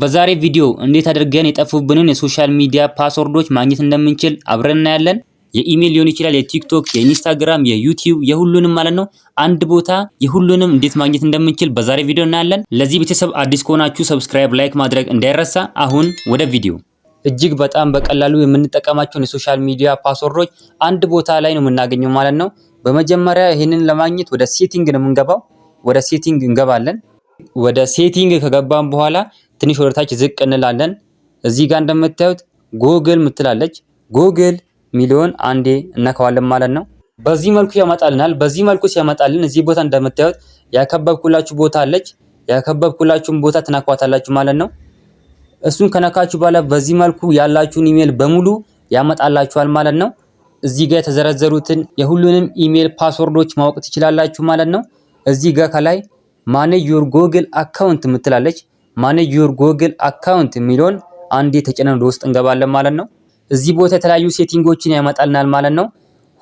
በዛሬ ቪዲዮ እንዴት አድርገን የጠፉብንን የሶሻል ሚዲያ ፓስወርዶች ማግኘት እንደምንችል አብረን እናያለን። የኢሜል ሊሆን ይችላል፣ የቲክቶክ፣ የኢንስታግራም፣ የዩቲዩብ የሁሉንም ማለት ነው። አንድ ቦታ የሁሉንም እንዴት ማግኘት እንደምንችል በዛሬ ቪዲዮ እናያለን። ለዚህ ቤተሰብ አዲስ ከሆናችሁ ሰብስክራይብ፣ ላይክ ማድረግ እንዳይረሳ። አሁን ወደ ቪዲዮ። እጅግ በጣም በቀላሉ የምንጠቀማቸውን የሶሻል ሚዲያ ፓስወርዶች አንድ ቦታ ላይ ነው የምናገኘው ማለት ነው። በመጀመሪያ ይህንን ለማግኘት ወደ ሴቲንግ ነው የምንገባው። ወደ ሴቲንግ እንገባለን። ወደ ሴቲንግ ከገባን በኋላ ትንሽ ወደታች ዝቅ እንላለን። እዚህ ጋር እንደምታዩት ጎግል ምትላለች ጎግል ሚሊዮን አንዴ እነካዋለን ማለት ነው። በዚህ መልኩ ያመጣልናል። በዚህ መልኩ ሲያመጣልን እዚህ ቦታ እንደምታዩት ያከበብኩላችሁ ቦታ አለች። ያከበብኩላችሁን ቦታ ትነኳታላችሁ ማለት ነው። እሱን ከነካችሁ በኋላ በዚህ መልኩ ያላችሁን ኢሜል በሙሉ ያመጣላችኋል ማለት ነው። እዚህ ጋር የተዘረዘሩትን የሁሉንም ኢሜል ፓስወርዶች ማወቅ ትችላላችሁ ማለት ነው። እዚህ ጋር ከላይ ማኔጅ ዮር ጎግል አካውንት ምትላለች ማኔጅ ዩር ጎግል አካውንት የሚለውን አንዴ ተጭነን ወደ ውስጥ እንገባለን ማለት ነው። እዚህ ቦታ የተለያዩ ሴቲንጎችን ያመጣልናል ማለት ነው።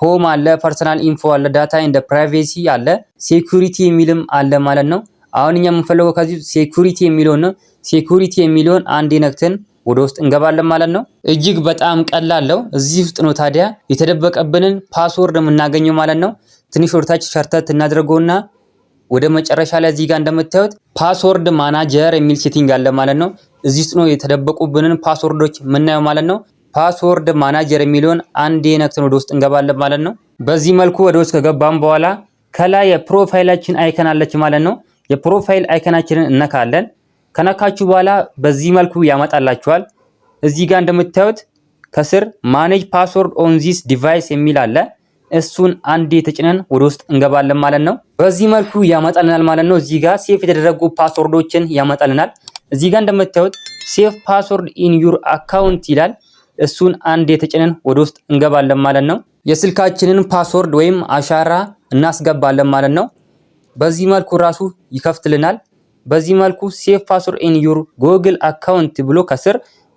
ሆም አለ፣ ፐርሰናል ኢንፎ አለ፣ ዳታ እንደ ፕራይቬሲ አለ፣ ሴኩሪቲ የሚልም አለ ማለት ነው። አሁን እኛ የምንፈልገው ከዚህ ሴኩሪቲ የሚለውን ነው። ሴኩሪቲ የሚለውን አንዴ ነክተን ወደ ውስጥ እንገባለን ማለት ነው። እጅግ በጣም ቀላል ነው። እዚህ ውስጥ ነው ታዲያ የተደበቀብንን ፓስወርድ የምናገኘው ማለት ነው። ትንሽ ወደታች ሸርተት እናድርገውና ወደ መጨረሻ ላይ እዚህ ጋር እንደምታዩት ፓስወርድ ማናጀር የሚል ሴቲንግ አለ ማለት ነው። እዚህ ውስጥ ነው የተደበቁብንን ፓስወርዶች የምናየው ማለት ነው። ፓስወርድ ማናጀር የሚለውን አንድ ነክተን ወደ ውስጥ እንገባለን ማለት ነው። በዚህ መልኩ ወደ ውስጥ ከገባም በኋላ ከላይ የፕሮፋይላችን አይከን አለች ማለት ነው። የፕሮፋይል አይከናችንን እነካለን። ከነካችሁ በኋላ በዚህ መልኩ ያመጣላችኋል። እዚህ ጋር እንደምታዩት ከስር ማኔጅ ፓስወርድ ኦን ዚስ ዲቫይስ የሚል አለ። እሱን አንዴ ተጭነን ወደ ውስጥ እንገባለን ማለት ነው። በዚህ መልኩ ያመጣልናል ማለት ነው። እዚህ ጋር ሴፍ የተደረጉ ፓስወርዶችን ያመጣልናል። እዚህ ጋር እንደምታዩት ሴፍ ፓስወርድ ኢን ዩር አካውንት ይላል። እሱን አንዴ ተጭነን ወደ ውስጥ እንገባለን ማለት ነው። የስልካችንን ፓስወርድ ወይም አሻራ እናስገባለን ማለት ነው። በዚህ መልኩ ራሱ ይከፍትልናል። በዚህ መልኩ ሴፍ ፓስወርድ ኢን ዩር ጎግል አካውንት ብሎ ከስር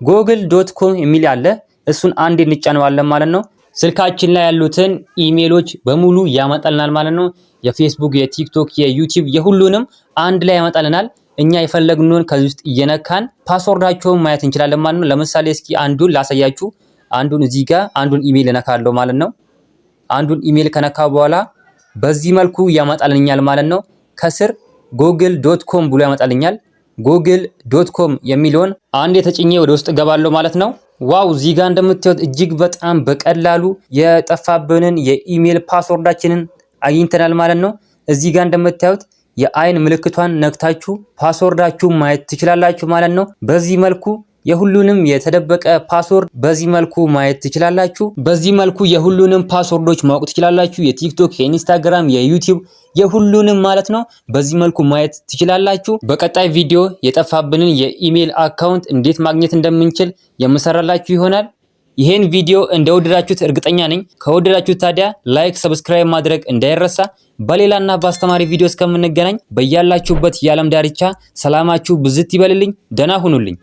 ጎግል ዶት ኮም የሚል አለ። እሱን አንዴ እንጫነዋለን ማለት ነው። ስልካችን ላይ ያሉትን ኢሜሎች በሙሉ ያመጣልናል ማለት ነው። የፌስቡክ፣ የቲክቶክ፣ የዩቲዩብ የሁሉንም አንድ ላይ ያመጣልናል። እኛ የፈለግነውን ከዚህ ውስጥ እየነካን ፓስወርዳቸውን ማየት እንችላለን ማለት ነው። ለምሳሌ እስኪ አንዱን ላሳያችሁ። አንዱን እዚህ ጋር አንዱን ኢሜል እነካለሁ ማለት ነው። አንዱን ኢሜል ከነካ በኋላ በዚህ መልኩ ያመጣልኛል ማለት ነው። ከስር ጎግል ዶት ኮም ብሎ ያመጣልኛል። ጎግል ዶት ኮም የሚለውን አንድ የተጭኜ ወደ ውስጥ እገባለሁ ማለት ነው። ዋው እዚህ ጋር እንደምታዩት እጅግ በጣም በቀላሉ የጠፋብንን የኢሜል ፓስወርዳችንን አግኝተናል ማለት ነው። እዚህ ጋር እንደምታዩት የአይን ምልክቷን ነክታችሁ ፓስወርዳችሁ ማየት ትችላላችሁ ማለት ነው። በዚህ መልኩ የሁሉንም የተደበቀ ፓስወርድ በዚህ መልኩ ማየት ትችላላችሁ። በዚህ መልኩ የሁሉንም ፓስወርዶች ማወቅ ትችላላችሁ። የቲክቶክ፣ የኢንስታግራም፣ የዩቲዩብ የሁሉንም ማለት ነው። በዚህ መልኩ ማየት ትችላላችሁ። በቀጣይ ቪዲዮ የጠፋብንን የኢሜይል አካውንት እንዴት ማግኘት እንደምንችል የምሰራላችሁ ይሆናል። ይህን ቪዲዮ እንደወደዳችሁት እርግጠኛ ነኝ። ከወደዳችሁት ታዲያ ላይክ፣ ሰብስክራይብ ማድረግ እንዳይረሳ። በሌላና በአስተማሪ ቪዲዮ እስከምንገናኝ በያላችሁበት የዓለም ዳርቻ ሰላማችሁ ብዝት ይበልልኝ። ደህና ሁኑልኝ።